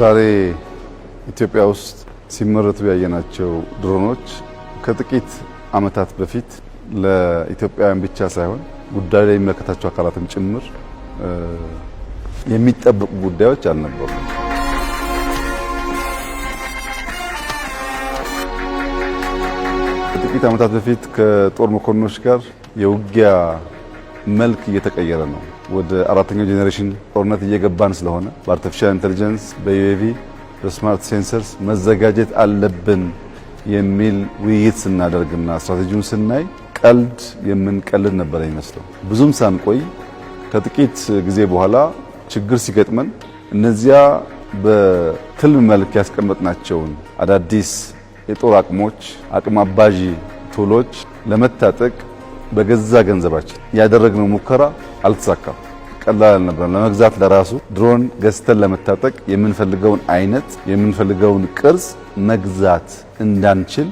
ዛሬ ኢትዮጵያ ውስጥ ሲመረቱ ያየናቸው ድሮኖች ከጥቂት ዓመታት በፊት ለኢትዮጵያውያን ብቻ ሳይሆን ጉዳዩ ላይ የሚመለከታቸው አካላትም ጭምር የሚጠበቁ ጉዳዮች አልነበሩም። ከጥቂት ዓመታት በፊት ከጦር መኮንኖች ጋር የውጊያ መልክ እየተቀየረ ነው። ወደ አራተኛው ጄኔሬሽን ጦርነት እየገባን ስለሆነ በአርቲፊሻል ኢንቴሊጀንስ በዩኤቪ በስማርት ሴንሰርስ መዘጋጀት አለብን የሚል ውይይት ስናደርግና ስትራቴጂውን ስናይ ቀልድ የምንቀልድ ነበር የሚመስለው። ብዙም ሳንቆይ ከጥቂት ጊዜ በኋላ ችግር ሲገጥመን እነዚያ በትልም መልክ ያስቀመጥናቸውን አዳዲስ የጦር አቅሞች አቅም አባዢ ቱሎች ለመታጠቅ በገዛ ገንዘባችን ያደረግነው ሙከራ አልተሳካም። ቀላል አልነበረም። ለመግዛት ለራሱ ድሮን ገዝተን ለመታጠቅ የምንፈልገውን አይነት የምንፈልገውን ቅርጽ መግዛት እንዳንችል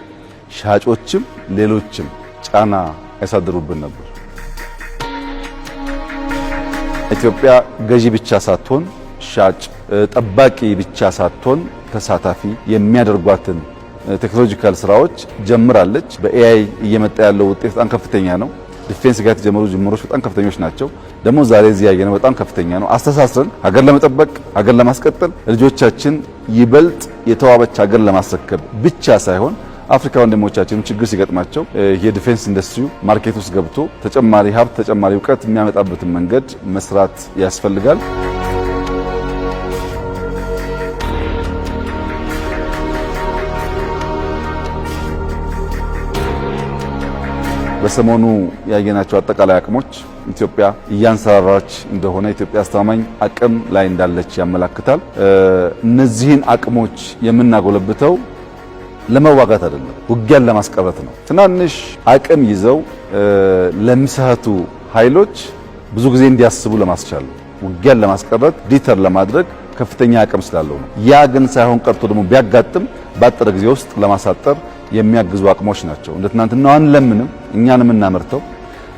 ሻጮችም ሌሎችም ጫና ያሳድሩብን ነበር። ኢትዮጵያ ገዢ ብቻ ሳትሆን ሻጭ፣ ጠባቂ ብቻ ሳትሆን ተሳታፊ የሚያደርጓትን ቴክኖሎጂካል ስራዎች ጀምራለች። በኤአይ እየመጣ ያለው ውጤት በጣም ከፍተኛ ነው። ዲፌንስ ጋር የተጀመሩ ጅምሮች በጣም ከፍተኞች ናቸው። ደግሞ ዛሬ እዚህ ያየነው በጣም ከፍተኛ ነው። አስተሳስረን ሀገር ለመጠበቅ ሀገር ለማስቀጠል ልጆቻችን ይበልጥ የተዋበች ሀገር ለማስረከብ ብቻ ሳይሆን አፍሪካ ወንድሞቻችንም ችግር ሲገጥማቸው የዲፌንስ ኢንዱስትሪው ማርኬት ውስጥ ገብቶ ተጨማሪ ሀብት ተጨማሪ እውቀት የሚያመጣበትን መንገድ መስራት ያስፈልጋል። በሰሞኑ ያየናቸው አጠቃላይ አቅሞች ኢትዮጵያ እያንሰራራች እንደሆነ ኢትዮጵያ አስተማማኝ አቅም ላይ እንዳለች ያመላክታል። እነዚህን አቅሞች የምናጎለብተው ለመዋጋት አይደለም፣ ውጊያን ለማስቀረት ነው። ትናንሽ አቅም ይዘው ለሚስሀቱ ኃይሎች ብዙ ጊዜ እንዲያስቡ ለማስቻል ውጊያን ለማስቀረት ዲተር ለማድረግ ከፍተኛ አቅም ስላለው ነው። ያ ግን ሳይሆን ቀርቶ ደግሞ ቢያጋጥም በአጠረ ጊዜ ውስጥ ለማሳጠር የሚያግዙ አቅሞች ናቸው። እንደ ትናንትናው አንለምንም፣ እኛን የምናመርተው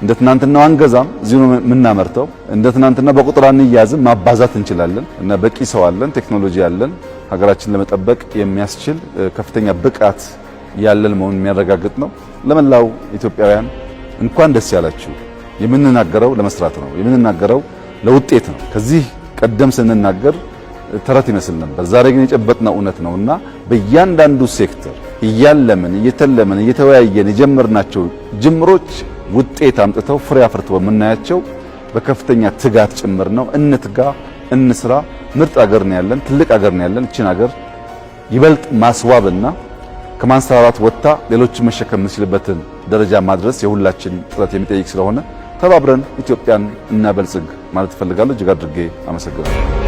እንደ ትናንትናው አንገዛም፣ እዚሁ ነው የምናመርተው። እንደ ትናንትና በቁጥር አንያዝም፣ ማባዛት እንችላለን እና በቂ ሰው አለን፣ ቴክኖሎጂ አለን። ሀገራችን ለመጠበቅ የሚያስችል ከፍተኛ ብቃት ያለን መሆኑን የሚያረጋግጥ ነው። ለመላው ኢትዮጵያውያን እንኳን ደስ ያላችሁ። የምንናገረው ለመስራት ነው፣ የምንናገረው ለውጤት ነው። ከዚህ ቀደም ስንናገር ተረት ይመስል ነበር። ዛሬ ግን የጨበጥነው እውነት ነውና በእያንዳንዱ ሴክተር እያለምን እየተለምን እየተወያየን የጀመርናቸው ጅምሮች ውጤት አምጥተው ፍሬ አፍርተው የምናያቸው በከፍተኛ ትጋት ጭምር ነው። እንትጋ፣ እንስራ። ምርጥ አገር ነው ያለን፣ ትልቅ አገር ነው ያለን። እችን አገር ይበልጥ ማስዋብና ከማንሰራራት ወጥታ ሌሎችን መሸከም የምንችልበትን ደረጃ ማድረስ የሁላችን ጥረት የሚጠይቅ ስለሆነ ተባብረን ኢትዮጵያን እናበልጽግ ማለት እፈልጋለሁ። እጅግ አድርጌ አመሰግናለሁ።